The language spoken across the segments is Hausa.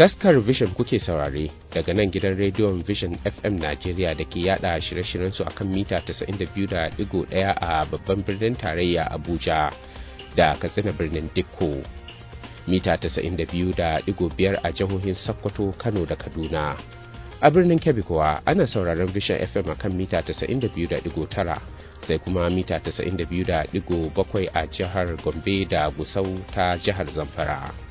taskar vision kuke saurare daga nan gidan rediyon vision fm najeriya da ke yada shirye-shiryen su akan mita 92.1 a babban birnin tarayya abuja da katsina birnin dikko mita 92.5 a jihohin sokoto kano da kaduna a birnin kebbi kuwa ana sauraron vision fm akan mita 92.9 sai kuma mita 92.7 a jihar gombe da gusau ta jihar zamfara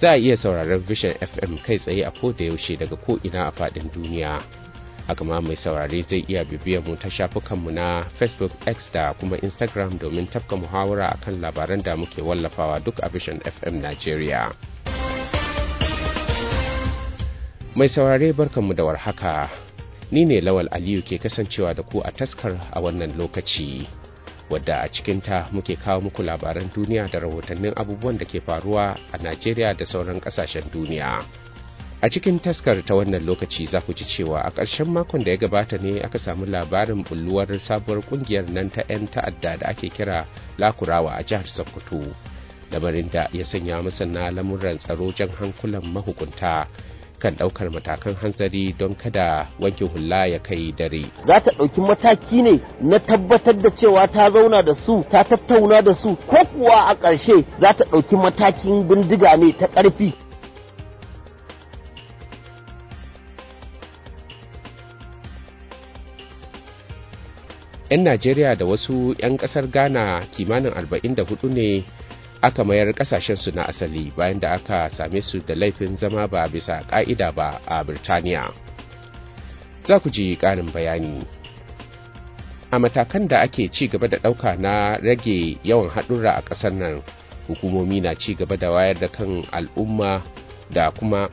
za a iya sauraron vision fm kai tsaye a da yaushe daga ko ina a faɗin duniya haka ma mai saurare zai iya bibiyar mu ta shafukanmu na facebook x da kuma instagram domin tafka muhawara a kan labaran da muke wallafawa duk a vision fm nigeria mai saurare barkanmu da warhaka ni ne lawal aliyu ke kasancewa da ku a taskar a wannan lokaci wadda a cikinta muke kawo muku labaran duniya da rahotannin abubuwan da ke faruwa a Najeriya da sauran kasashen duniya. A cikin taskar ta wannan lokaci za ku ji cewa a ƙarshen makon da ya gabata ne aka samu labarin bulluwar sabuwar ƙungiyar nan ta 'yan ta'adda da ake kira Lakurawa a jihar Sokoto. Lamarin da ya sanya masana lamuran tsaro jan hankulan mahukunta kan ɗaukar matakan hanzari don kada wanke hula ya kai dare. Za ta ɗauki mataki ne na tabbatar da cewa ta zauna da su ta tattauna da su ko kuwa a ƙarshe za ta ɗauki matakin bindiga ne ta ƙarfi. ‘Yan Najeriya da wasu ‘yan ƙasar Ghana kimanin 44 ne aka mayar kasashensu na asali bayan da aka same su da laifin zama ba bisa ka'ida ba a birtaniya za ku ji ƙarin bayani a matakan da ake ci gaba da ɗauka na rage yawan haɗura a ƙasar nan hukumomi na ci gaba da wayar da kan al'umma da kuma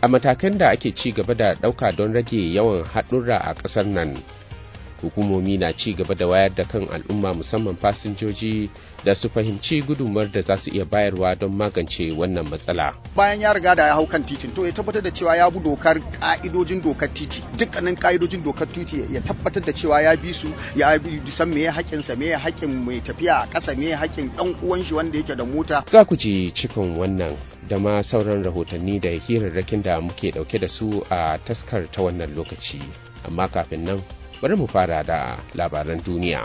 a matakan da ake ci gaba da ɗauka don rage yawan haɗura a ƙasar nan hukumomi na ci gaba da wayar da kan al'umma musamman fasinjoji da su fahimci gudunmar da za su iya bayarwa don magance wannan matsala bayan ya riga da ya hau kan titin to ya tabbatar da cewa ya bi dokar ka'idojin dokar titi dukkanin ka'idojin dokar titi ya tabbatar da cewa ya bi su ya bi san me hakin sa me haƙin mai tafiya a ƙasa me hakin dan uwan shi wanda yake da mota za ku ji cikin wannan da ma sauran rahotanni da hirarrakin da muke dauke da su a taskar ta wannan lokaci amma kafin nan bari mu fara da labaran duniya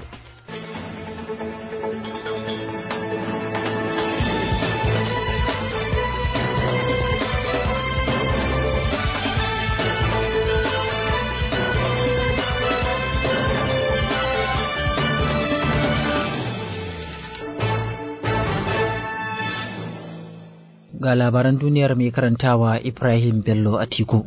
ga labaran duniyar mai karantawa Ibrahim Bello Atiku.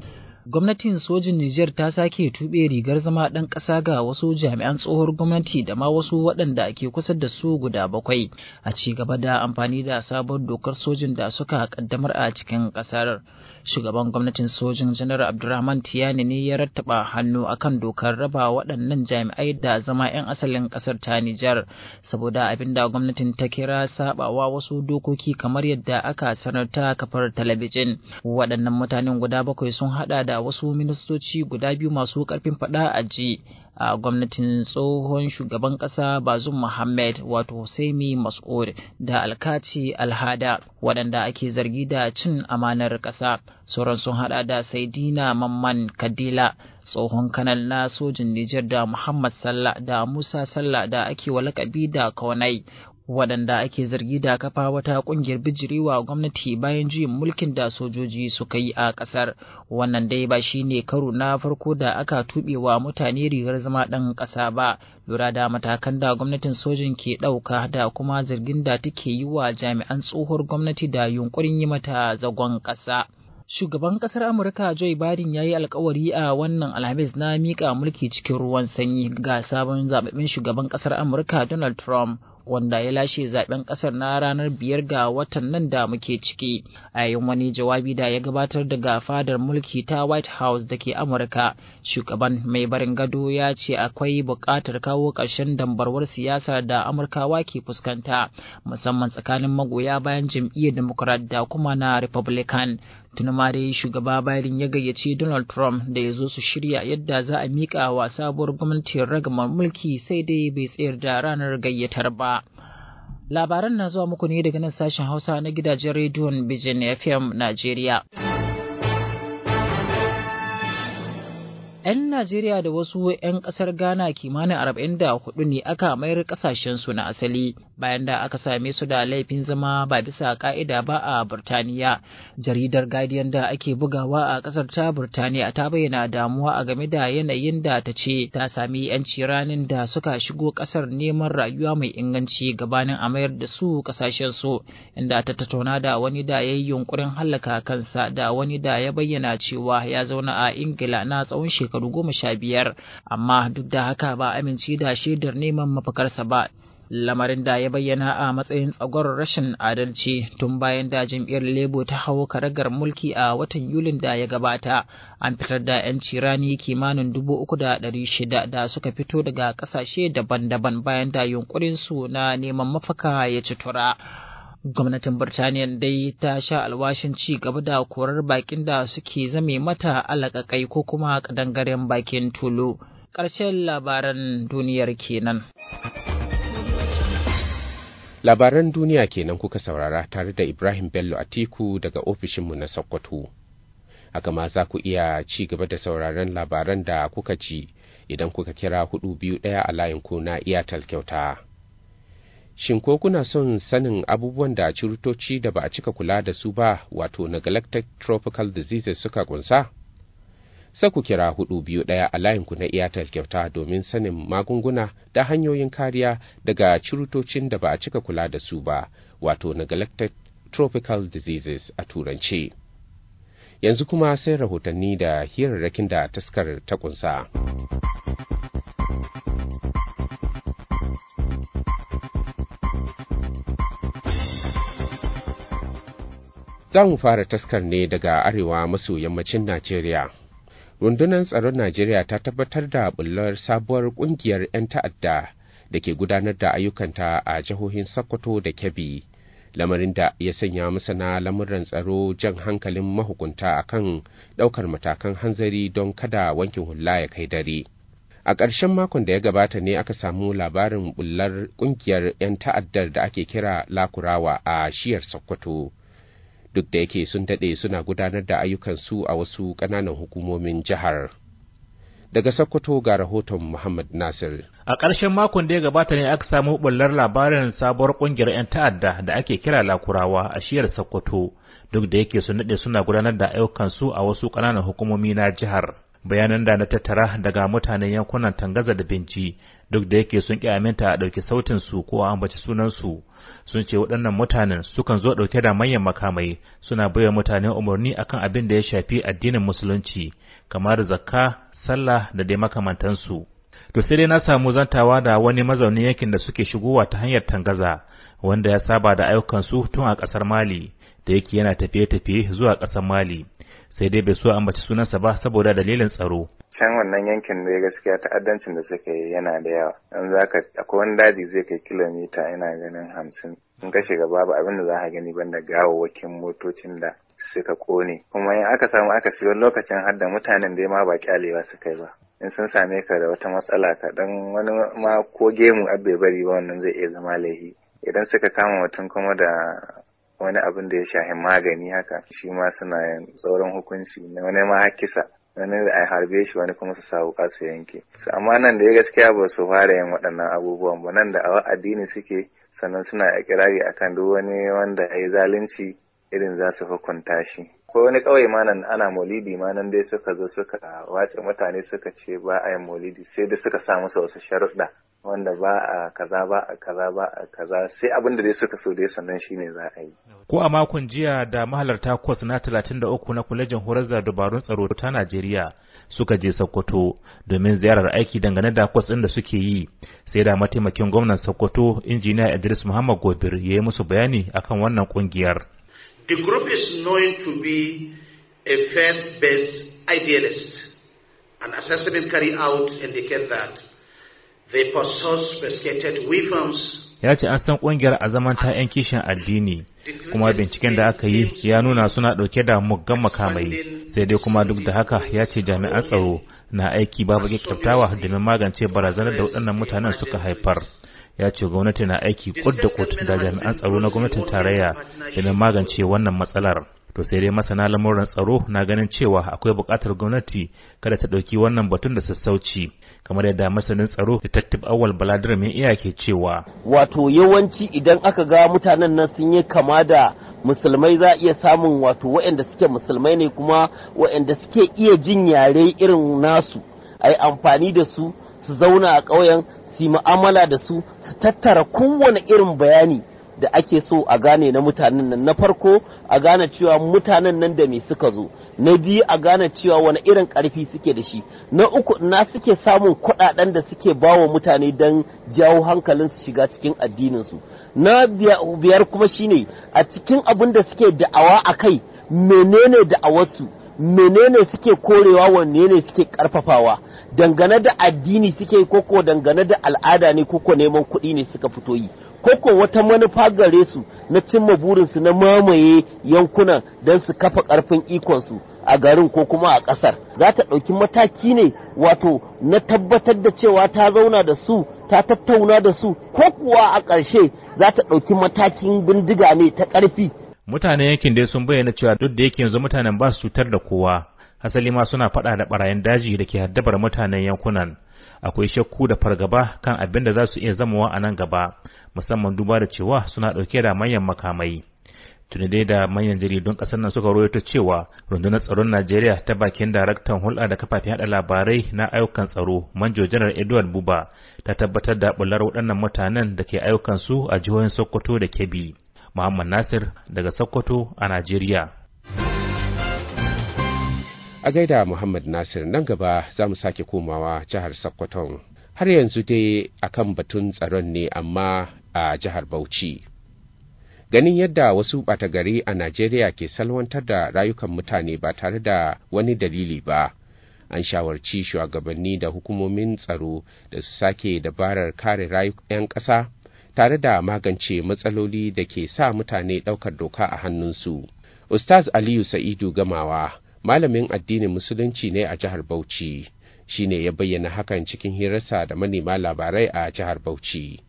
gwamnatin sojin Nijar ta sake tuɓe rigar zama ɗan ƙasa ga wasu jami'an tsohuwar gwamnati da ma wasu waɗanda ake kusa da su guda bakwai a ci gaba da amfani da sabon dokar sojin da suka kaddamar a cikin ƙasar. Shugaban gwamnatin sojin Janar Abdurrahman Tiyani ne ya rattaba hannu akan dokar raba waɗannan jami'ai da zama 'yan asalin ƙasar ta Nijar saboda abin da gwamnatin ta kira sabawa wasu dokoki kamar yadda aka sanar ta kafar talabijin. Waɗannan mutanen guda bakwai sun haɗa da da wasu ministoci guda biyu masu karfin faɗa a ji a gwamnatin tsohon shugaban ƙasa bazum muhammad wato saimi mas'ud da alkaci alhada waɗanda ake zargi da cin amanar ƙasa sauran sun haɗa da saidina mamman kadila tsohon kanal na sojin Nijar da Muhammad Sallah da Musa Sallah da ake wa lakabi da Kaunai waɗanda ake zargi da kafa wata ƙungiyar wa gwamnati bayan juyin mulkin da sojoji suka yi a ƙasar wannan dai ba shi ne karo na farko da aka wa mutane rigar zama ɗan ƙasa ba lura da matakan da gwamnatin sojin ke ɗauka da kuma zargin da take yi wa jami'an tsohuwar gwamnati da yunƙurin yi mata zagon ƙasa. Shugaban ƙasar Amurka Joe Biden ya yi alkawari a wannan Alhamis na miƙa mulki cikin ruwan sanyi ga sabon zaɓaɓɓen shugaban ƙasar Amurka Donald Trump. wanda ya lashe zaben kasar na ranar biyar ga watan nan da muke ciki a yayin wani jawabi da ya gabatar daga fadar mulki ta white house da ke amurka shugaban mai barin gado ya ce akwai buƙatar kawo ƙarshen dambarwar siyasa da amurkawa ke fuskanta musamman tsakanin magoya bayan jam'iyyar democrat da kuma na republican tuni ma dai shugaba Biden ya gayyace Donald Trump da ya zo su shirya yadda za a miƙa wa sabuwar gwamnatin ragamar mulki sai dai bai tsayar da ranar gayyatar ba. Labaran na zuwa muku ne daga nan sashen Hausa na gidajen rediyon Bijin FM Najeriya. Najeriya da wasu 'yan ƙasar Ghana kimanin arba'in da hudu ne aka mayar su na asali bayan da aka same su da laifin zama ba bisa ƙa'ida ba a Burtaniya. Jaridar Guardian da ake bugawa a ƙasar ta Burtaniya ta bayyana damuwa a game da yanayin da ta ce ta sami 'yanci ranin da suka shigo ƙasar neman rayuwa mai inganci gabanin a mayar da su su inda ta tattauna da wani da ya yi yunƙurin hallaka kansa da wani da ya bayyana cewa ya zauna a Ingila na tsawon shekaru goma sha biyar amma duk da haka ba amince da shaidar neman mafakarsa ba lamarin da ya bayyana a matsayin tsagon rashin adalci tun bayan da jam'iyyar lebo ta hau karagar mulki a watan yulin da ya gabata an fitar da 'yan cirani kimanin dubu uku da ɗari shida da suka fito daga ƙasashe daban-daban bayan da yunkurin su na neman mafaka ya ci tura Gwamnatin Birtaniya dai ta sha alwashin ci gaba da korar bakin da suke zame mata alaƙaƙai ko kuma ƙadangaren bakin tulu. Ƙarshen labaran duniyar kenan. Labaran duniya kenan kuka saurara tare da Ibrahim Bello Atiku daga ofishinmu na Sokoto. Haka ma za ku iya ci gaba da sauraron labaran da kuka ci idan kuka kira hudu biyu ɗaya a layin ko na iyatal kyauta. Shin ko kuna son sanin abubuwan da cirutoci da ba a cika kula da su ba wato neglected tropical diseases suka kunsa? Sai ku kira hudu biyu ɗaya a layinku na iyatar kyauta domin sanin magunguna da hanyoyin kariya daga cirutocin da ba a cika kula da su ba wato neglected tropical diseases a turance. Yanzu kuma sai rahotanni da hirarrakin da taskar ta kunsa. za mu fara taskar ne daga arewa maso yammacin najeriya rundunar tsaron najeriya ta tabbatar da bullar sabuwar kungiyar 'yan ta'adda da ke gudanar da ayyukanta a jihohin sokoto da kebbi lamarin da ya sanya masana lamuran tsaro jan hankalin mahukunta a kan ɗaukar matakan hanzari don kada wankin hula ya kai dare a ƙarshen makon da ya gabata ne aka samu labarin bullar ƙungiyar 'yan ta'addar da ake kira lakurawa a shiyar sokoto duk da yake sun daɗe suna gudanar da ayyukansu a wasu ƙananan hukumomin jihar. Daga Sokoto ga rahoton Muhammad Nasir. A ƙarshen makon da ya gabata ne aka samu ɓullar labarin sabuwar ƙungiyar 'yan ta'adda da ake kira Lakurawa a shiyar Sokoto, duk da yake sun daɗe suna gudanar da ayyukansu a wasu ƙananan hukumomi na jihar. Bayanan da na tattara daga mutanen yankunan Tangaza da Binci, duk da yake sun ƙi aminta a ɗauki sautin su ko a ambaci sunansu. sun ce waɗannan mutanen sukan zo ɗauke da manyan makamai suna baiwa mutane umarni akan abin da ya shafi addinin musulunci kamar zakka sallah da dai makamantansu to sai dai na samu zantawa da wani mazaunin yankin da suke shigowa ta hanyar tangaza wanda ya saba da ayyukan su tun a ƙasar mali da yake yana tafiye-tafiye zuwa ƙasar mali sai dai bai so ambaci sunansa ba saboda dalilin tsaro can wannan yankin da gaskiya ta'addancin da suka yi yana da yawa in za ka akwai wani daji zai kai kilomita yana ganin hamsin in ka shiga babu abin da za ka gani banda gawawwakin motocin da suka kone kuma in aka samu aka siyo lokacin har da mutanen da ma ba kyalewa suka yi ba in sun same ka da wata matsala ka dan wani ma ko gemu abbe bari ba wannan zai iya zama laifi. idan suka kama mutum kuma da wani abin da ya shahi magani haka shi ma suna yin tsoron hukunci na wani ma kisa wani a harbe shi wani kuma su sa kasu yanke su amma nan da ya gaskiya ba su fara yin waɗannan abubuwan ba nan da a addini suke sannan suna a kirari akan duk wani wanda ya zalunci irin za su hukunta shi ko wani kawai ma nan ana maulidi ma nan dai suka zo suka wace mutane suka ce ba a yin maulidi sai da suka sa musu wasu sharuɗa wanda ba a kaza ba a kaza ba a kaza sai abin da dai suka so dai sannan shine za a yi. Ko a makon jiya da mahalarta kwas na talatin da uku na kwalejin horar da dabarun tsaro ta Najeriya suka je Sokoto domin ziyarar aiki dangane da kwas ɗin da suke yi sai da mataimakin gwamnan Sokoto injiniya Idris Muhammad Gobir ya yi musu bayani akan wannan kungiyar. The group is known to be a faith-based idealist and assessment carried out indicate that They possess weapons ya ce an san ƙungiyar azaman zaman ta 'yan kishin addini kuma binciken da aka yi ya nuna suna ɗauke da muggan makamai sai dai kuma duk da haka ya ce jami'an tsaro na aiki babu kyakkyaftawa domin magance barazanar da waɗannan mutanen suka haifar ya ce gwamnati na aiki kud da da jami'an tsaro na gwamnatin tarayya domin magance wannan matsalar to sai dai masana lamuran tsaro na ganin cewa akwai bukatar gwamnati kada ta ɗauki wannan batun da sassauci kamar yadda masanin tsaro detective awal baladir mai iya ke cewa wato yawanci idan aka ga mutanen nan sun yi kama da musulmai za iya samun wato waɗanda suke musulmai ne kuma waɗanda suke iya jin yare irin nasu a yi amfani da su su zauna a ƙauyen su yi mu'amala da su su tattara kowane irin bayani da ake so a gane na mutanen nan na farko a gane cewa mutanen nan da me suka zo na biyu a gane cewa wani irin karfi suke da shi na uku na suke samun kuɗaɗen da suke bawa mutane don jawo hankalin su shiga cikin addinin su na biyar kuma shine a cikin abin da suke da'awa a kai menene da'awarsu menene suke korewa wanne ne suke karfafawa dangane da addini suke koko dangane da al'ada ne koko neman kuɗi ne suka fito yi koko wata manufa gare su na cimma burinsu na mamaye yankunan don su kafa ƙarfin ikonsu a garin ko kuma a ƙasar za ta ɗauki mataki ne wato na tabbatar da cewa ta zauna da su ta tattauna da su ko kuwa a ƙarshe za ta ɗauki matakin bindiga ne ta ƙarfi mutanen yankin dai sun bayyana cewa duk da yake yanzu mutanen ba su cutar da kowa asali ma suna faɗa da barayin daji da ke haddabar mutanen yankunan akwai shakku da fargaba kan abin da za su iya zamawa a nan gaba musamman duba da cewa suna ɗauke da manyan makamai tuni dai da manyan jaridun ƙasar nan suka rawaito cewa rundunar tsaron najeriya ta bakin daraktan hulɗa da kafafen haɗa labarai na ayyukan tsaro manjo janar edward buba ta tabbatar da bular waɗannan mutanen da ke ayyukan su a jihohin sokoto da kebbi muhammad nasir daga sokoto a najeriya a gaida muhammad nasir nan gaba za mu sake komawa jihar sokoton har yanzu dai a kan batun tsaron ne amma a jihar bauchi ganin yadda wasu batagari a najeriya ke salwantar da rayukan mutane ba tare da wani dalili ba an shawarci shugabanni da hukumomin tsaro da su sake dabarar kare rayukan 'yan ƙasa tare da magance matsaloli da ke sa mutane ɗaukar doka a hannunsu. Ustaz Aliyu Sa'idu Gamawa malamin addinin musulunci ne a jihar Bauchi shi ne ya bayyana hakan cikin hirarsa da manema labarai a jihar Bauchi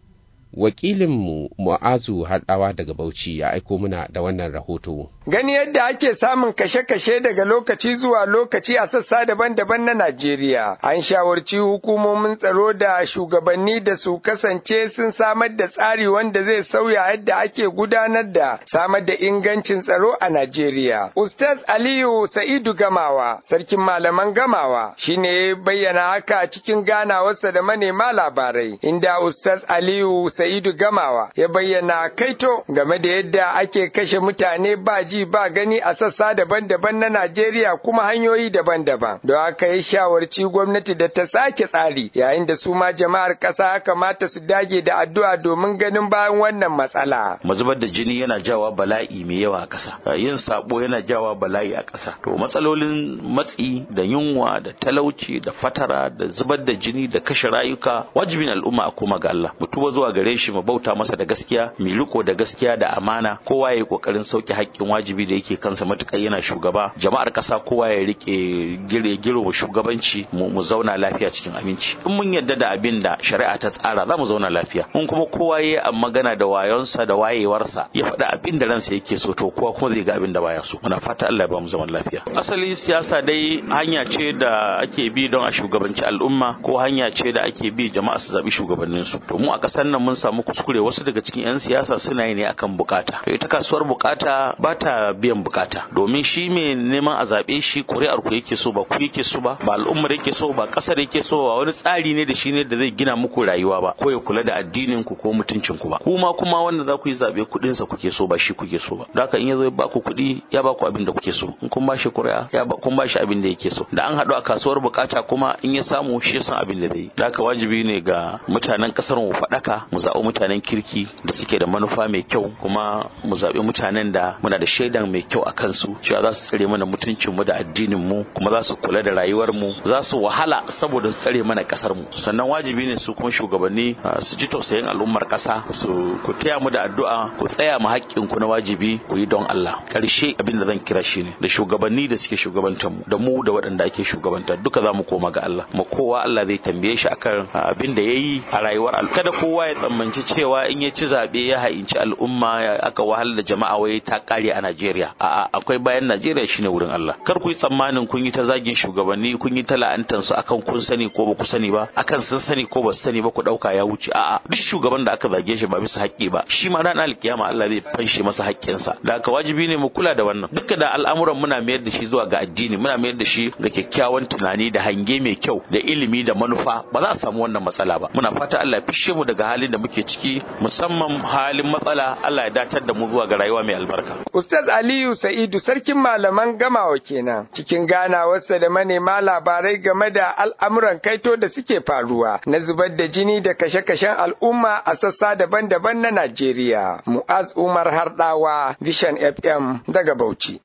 wakilinmu Mu'azu Harɗawa daga Bauchi ya aiko muna da wannan rahoto Gani yadda ake samun kashe-kashe daga lokaci zuwa lokaci a sassa daban-daban na Najeriya, an shawarci hukumomin tsaro da shugabanni da su kasance sun samar da tsari wanda zai sauya yadda ake gudanar da samar da ingancin tsaro a Najeriya. Ustaz Aliyu Sa'idu Gamawa, sarkin malaman Gamawa, shine ne bayyana haka cikin ganawarsa da manema labarai, inda Ustaz Aliyu Sa'idu Gamawa ya bayyana kaito game da yadda ake kashe mutane ba ji daji ba gani a sassa daban-daban na Najeriya kuma hanyoyi daban-daban. Don haka ya shawarci gwamnati da ta sake tsari yayin da su ma jama'ar ƙasa kamata su dage da addu'a domin ganin bayan wannan matsala. Mazubar da jini yana jawa bala'i mai yawa a ƙasa. Yin sabo yana jawa bala'i a ƙasa. To matsalolin matsi da yunwa da talauci da fatara da zubar da jini da kashe rayuka wajibin al'umma a koma ga Allah. Mu tuba zuwa gare shi mu bauta masa da gaskiya, mu riko da gaskiya da amana, kowa ya yi kokarin sauke haƙƙin wajibi wajibi da yake kansa matukar yana shugaba jama'ar kasa kowa ya rike girma shugabanci mu zauna lafiya cikin aminci in mun yadda da abin da shari'a ta tsara za mu zauna lafiya in kuma kowa ya magana da wayonsa da wayewarsa ya faɗa abin da ransa yake so to kowa kuma zai ga abin da baya so muna fata Allah ya ba mu zaman lafiya asali siyasa dai hanya ce da ake bi don a shugabanci al'umma ko hanya ce da ake bi jama'a su zabi shugabannin su to mu a kasar nan mun samu kuskure wasu daga cikin yan siyasa suna yi ne akan bukata to ita kasuwar bukata ba ta biyan bukata domin shi mai neman a zaɓe shi kuri'ar ku yake so ba ku yake so ba ba al'ummar yake so ba ƙasar yake so ba wani tsari ne da shi ne da zai gina muku rayuwa ba ko ya kula da addinin ku ko mutuncin ku ba kuma kuma wanda za ku yi zaɓe kuɗin sa kuke so ba shi kuke so ba haka in ya zo ba ku kuɗi ya ba ku abin da kuke so in kun ba shi kuri'a ya ba kun ba shi abin da yake so da an haɗu a kasuwar bukata kuma in ya samu shi san abin da zai yi haka wajibi ne ga mutanen kasar mu faɗaka mu zaɓi mutanen kirki da suke da manufa mai kyau kuma mu zaɓi mutanen da muna da shi shaida mai kyau a kansu cewa za su tsare mana mutuncinmu da addininmu kuma za su kula da rayuwar mu za su wahala saboda su tsare mana kasar mu sannan wajibi ne su kuma shugabanni su ji tausayin al'ummar kasa su ku taya mu da addu'a ku tsaya mu haƙƙinku na wajibi ku yi don Allah karshe abin da zan kira shi ne da shugabanni da suke shugabantar mu da mu da waɗanda ake shugabanta duka za mu koma ga Allah mu kowa Allah zai tambaye shi akan abin da yayi a rayuwar al kada kowa ya tsammanci cewa in ya ci zabe ya ha'inci al'umma aka wahalar da jama'a wai ta kare ana Najeriya a'a akwai bayan Najeriya shine wurin Allah kar ku yi tsammanin kun yi ta zagin shugabanni kun yi ta la'antar su akan kun sani ko ba ku sani ba akan sun sani ko ba sani ba ku dauka ya wuce a'a duk shugaban da aka zage shi ba bisa haƙƙi ba shi ma ranar alkiyama Allah zai fanshe masa haƙƙinsa da aka wajibi ne mu kula da wannan duka da al'amuran muna mayar da shi zuwa ga addini muna mayar da shi ga kyakkyawan tunani da hange mai kyau da ilimi da manufa ba za a samu wannan matsala ba muna fata Allah ya fishe mu daga halin da muke ciki musamman halin matsala Allah ya datar da mu zuwa ga rayuwa mai albarka Ustaz Aliyu Sa'idu sarkin malaman gamawa kenan cikin ganawarsa da manema labarai game da al'amuran kaito da suke faruwa na zubar da jini da kashe-kashen al'umma a sassa daban-daban na Najeriya. Mu'az Umar Hardawa, Vision FM daga Bauchi.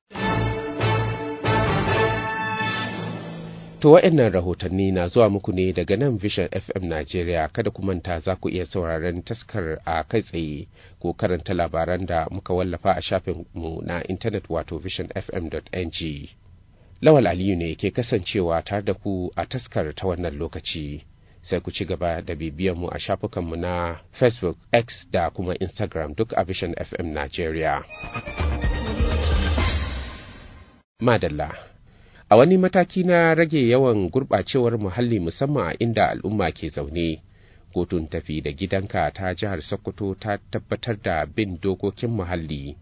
To wa'annan rahotanni na zuwa muku ne daga nan Vision FM Najeriya kada ku manta za ku iya sauraron taskar a kai tsaye ko karanta labaran da muka wallafa a shafinmu na intanet wato FM visionfm.ng. Lawal Aliyu ne ke kasancewa tare da ku a taskar ta wannan lokaci. Sai ku ci gaba da bibiyanmu a shafukanmu na Facebook, X da kuma Instagram duk a Vision FM Najeriya. Madalla. a wani mataki na rage yawan gurɓacewar muhalli musamman a inda al'umma ke zaune kotun tafi da gidanka ta jihar sokoto ta tabbatar da bin dokokin muhalli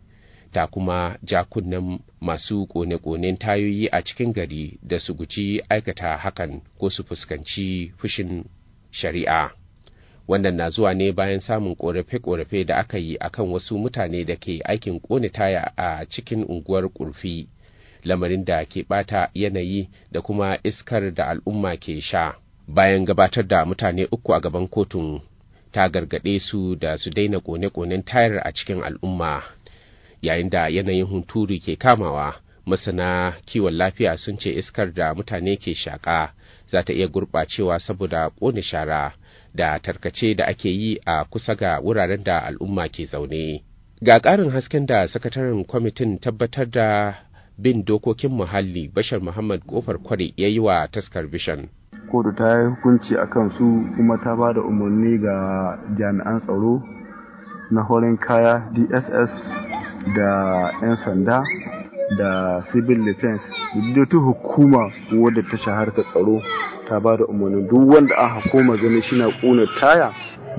ta kuma jakunan masu kone-konen tayoyi a cikin gari da su guji aikata hakan ko su fuskanci fushin shari'a wannan na zuwa ne bayan samun ƙorafe korafe da aka yi akan wasu mutane da ke aikin ƙone taya a cikin unguwar ƙurfi. lamarin da ke ɓata yanayi da kuma iskar da al'umma ke sha bayan gabatar da mutane uku a gaban kotun ta gargaɗe su da su daina kone-konen tayar a cikin al'umma yayin da yanayin hunturu ke kamawa masana kiwon lafiya sun ce iskar da mutane ke shaƙa za ta iya gurɓacewa saboda ƙone shara da tarkace da ake yi a kusa ga wuraren da al'umma ke zaune ga ƙarin hasken da sakataren kwamitin tabbatar da bin dokokin muhalli bashar muhammad kofar kwari ya yi wa taskar bishan kotu ta yi hukunci a kan su kuma ta ba da umarni ga jami'an tsaro na horin kaya dss da 'yan sanda da civil defense ta hukuma wadda ta shahar ta tsaro ta ba da umarni duk wanda an hukuma gani shi na ƙuna taya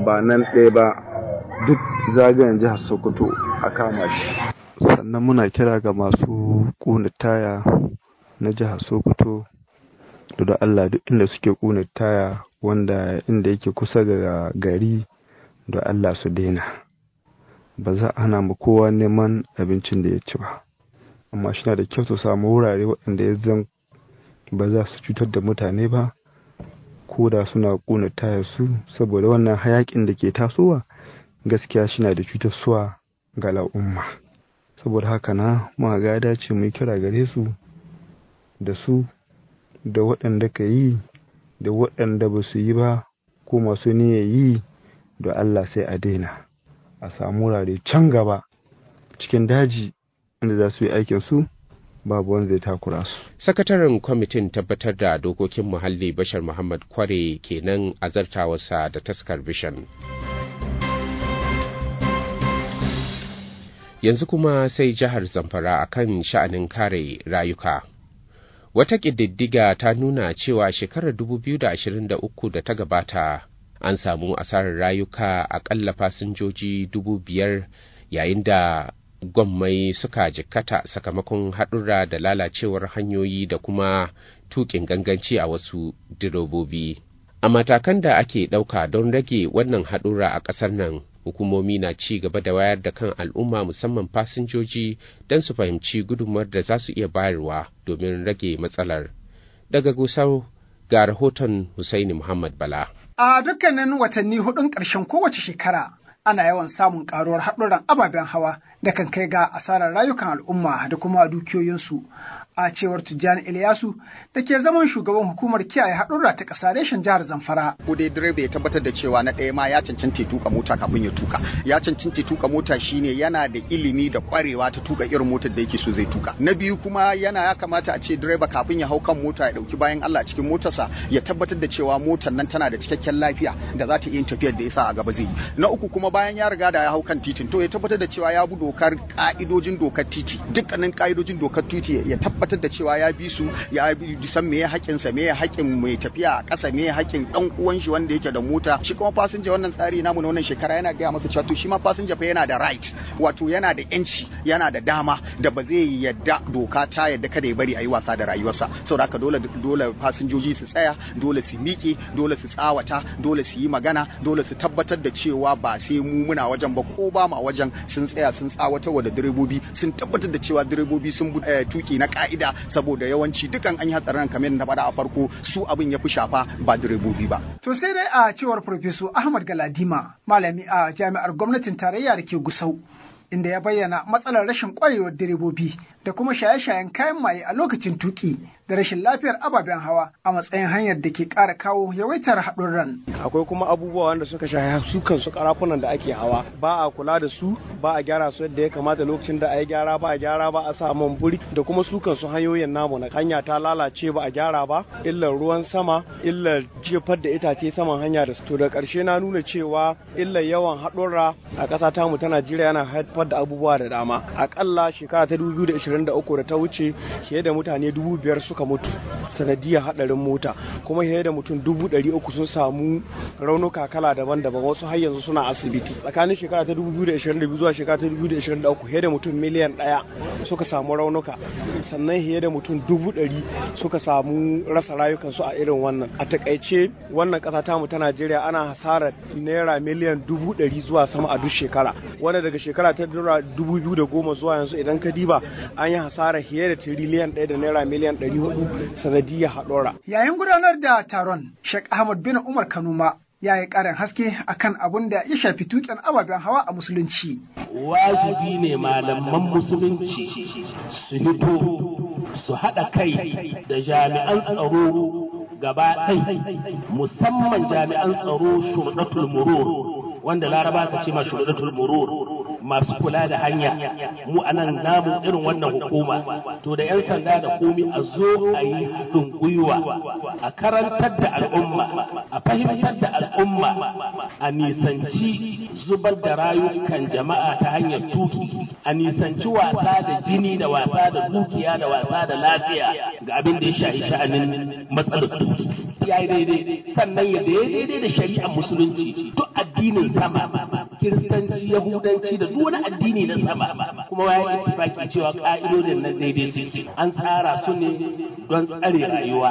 ba nan ɗaya ba duk zagayen jihar sokoto a kama shi sannan muna kira ga masu ƙuna taya na jihar sokoto to da allah duk inda suke ƙuna taya wanda inda yake kusa ga gari da allah su daina ba za a hana mu kowa neman abincin da ya ci ba amma shi da kyau su samu wurare waɗanda ya zan ba za su cutar da mutane ba ko da suna ƙuna taya su saboda wannan hayaƙin da ke tasowa gaskiya shi da cutar suwa ga al'umma saboda haka na ma ga dace mu kira gare su da su da waɗanda ka yi da waɗanda ba su yi ba ko masu niyyar yi da Allah sai a daina a samu wurare can gaba cikin daji inda za su yi aikin su babu wanda zai takura su. Sakataren kwamitin tabbatar da dokokin muhalli Bashar Muhammad Kware kenan a zartawarsa da taskar Bishan. yanzu kuma sai jihar zamfara a kan sha'anin kare rayuka wata ƙididdiga ta nuna cewa shekarar 2023 da ta gabata an samu asarar rayuka a ƙalla fasinjoji dubu yayin da gwammai suka jikkata sakamakon haɗura da lalacewar hanyoyi da kuma tuƙin ganganci a wasu direbobi. a matakan da ake ɗauka don rage wannan haɗura a ƙasar nan hukumomi na ci gaba da wayar da kan al'umma musamman fasinjoji don su fahimci gudunmawar da za su iya bayarwa domin rage matsalar daga gusau ga rahoton Husaini Muhammad Bala. A dukkanin watanni hudun ƙarshen kowace shekara ana yawan samun ƙaruwar haɗuran ababen hawa da kan kai ga asarar rayukan al'umma da kuma dukiyoyinsu a cewar Tijjani Ilyasu da ke zaman shugaban hukumar kiyaye haɗurra ta ƙasa reshen jihar Zamfara. Ko direba ya tabbatar da cewa na ɗaya ma ya cancanta tuka mota kafin ya tuka. Ya cancanta tuka mota shine yana da ilimi da ƙwarewa ta tuka irin motar da yake so zai tuka. Na biyu kuma yana ya kamata a ce direba kafin ya hau kan mota ya ɗauki bayan Allah cikin motarsa ya tabbatar da cewa motar nan tana da cikakken lafiya da za ta iya tafiyar da ya sa a gaba zai yi. Na uku kuma bayan ya riga da ya hau kan titin to ya tabbatar da cewa ya bi dokar ka'idojin dokar titi dukkanin ka'idojin dokar titi ya tabbatar tabbatar da cewa ya bi su ya bi san me haƙin sa me haƙin mai tafiya a ƙasa me haƙin dan uwan shi wanda yake da mota shi kuma fasinja wannan tsari namu na wannan shekara yana gaya masa cewa to shi ma fasinja fa yana da right wato yana da yanci yana da dama da ba zai yadda doka ta yadda kada ya bari a yi wasa da rayuwarsa saboda haka dole dole fasinjoji su tsaya dole su miƙe dole su tsawata dole su yi magana dole su tabbatar da cewa ba sai mu muna wajen ba ko ba ma wajen sun tsaya sun tsawatar da direbobi sun tabbatar da cewa direbobi sun eh, tuki na ka'ida ka'ida saboda yawanci dukan an yi hatsarin kamar da faɗa a farko su abin ya fi shafa ba direbobi ba. To sai dai a cewar Farfesu Ahmad Galadima malami a jami'ar gwamnatin tarayya da ke Gusau inda ya bayyana matsalar rashin ƙwarewar direbobi da kuma shaye-shayen kayan maye a lokacin tuki da rashin lafiyar ababen hawa a matsayin hanyar da ke ƙara kawo yawaitar haɗurran. Akwai kuma abubuwa wanda suka shaye su kansu karafunan da ake hawa ba a kula da su ba a gyara su yadda ya kamata lokacin da a yi gyara ba a gyara ba a sa man buri da kuma su kansu hanyoyin namu na hanya ta lalace ba a gyara ba illar ruwan sama illar jefar da itace saman hanya da su to da ƙarshe na nuna cewa illar yawan haɗurra a ƙasa tamu ta Najeriya yana haifar haifar da abubuwa da dama akalla shekara ta 2023 da ta wuce fiye da mutane 5,000 suka mutu sanadiyar hadarin mota kuma fiye da mutum 300 sun samu raunuka kala daban-daban wasu har yanzu suna asibiti tsakanin shekara ta 2022 zuwa shekara ta 2023 fiye da mutum miliyan ɗaya suka samu raunuka sannan fiye da mutum 100 suka samu rasa rayukansu a irin wannan a takaice wannan ta tamu ta Najeriya ana hasarar naira miliyan 100 zuwa sama a duk shekara wanda daga shekara ta da goma zuwa yanzu idan ka diba an yi hasara fiye da tiriliyan ɗaya da naira miliyan hudu sanadiya haɗora. Yayin gudanar da taron, Sheikh Ahmad bin Umar ma ya yi ƙarin haske akan abun da ya shafi tutsen ababen hawa a musulunci. Wajibi ne malaman musulunci su hito su haɗa kai da jami'an tsaro gaba ɗai musamman jami'an tsaro shurɗatul murur wanda laraba ka ce ma shurɗatul murur masu kula da hanya mu anan namu irin wannan hukuma to da yan sanda da komi a zo a yi haɗin gwiwa a karantar da al'umma a fahimtar da al'umma a nisanci zubar da rayukan jama'a ta hanyar tuki a nisanci wasa da jini da wasa da dukiya da wasa da lafiya ga abin da ya shahi sha'anin matsalar tuki ya yi daidai sannan ya daidai da shari'ar musulunci duk addinin sama kiristanci yahudanci da duk wani addini na sama kuma ya ittifaki cewa ka'idodin nan daidai su an tsara su ne don tsare rayuwa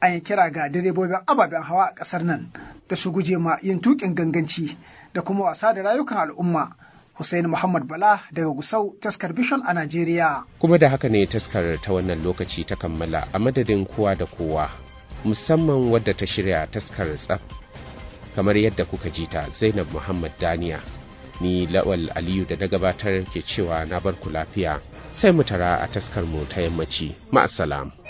an yi kira ga direbobin ababen hawa a ƙasar nan da su guje ma yin tukin ganganci da kuma wasa da rayukan al'umma Hussein Muhammad Bala daga Gusau taskar Bishon a Najeriya. Kuma da haka ne taskar ta wannan lokaci ta kammala a madadin kowa da kowa musamman wadda ta shirya taskar tsaf kamar yadda kuka ji ta zainab muhammad daniya ni lawal aliyu da na gabatar ke cewa na barku lafiya sai mu tara a taskar mu ta yammaci ma'asalam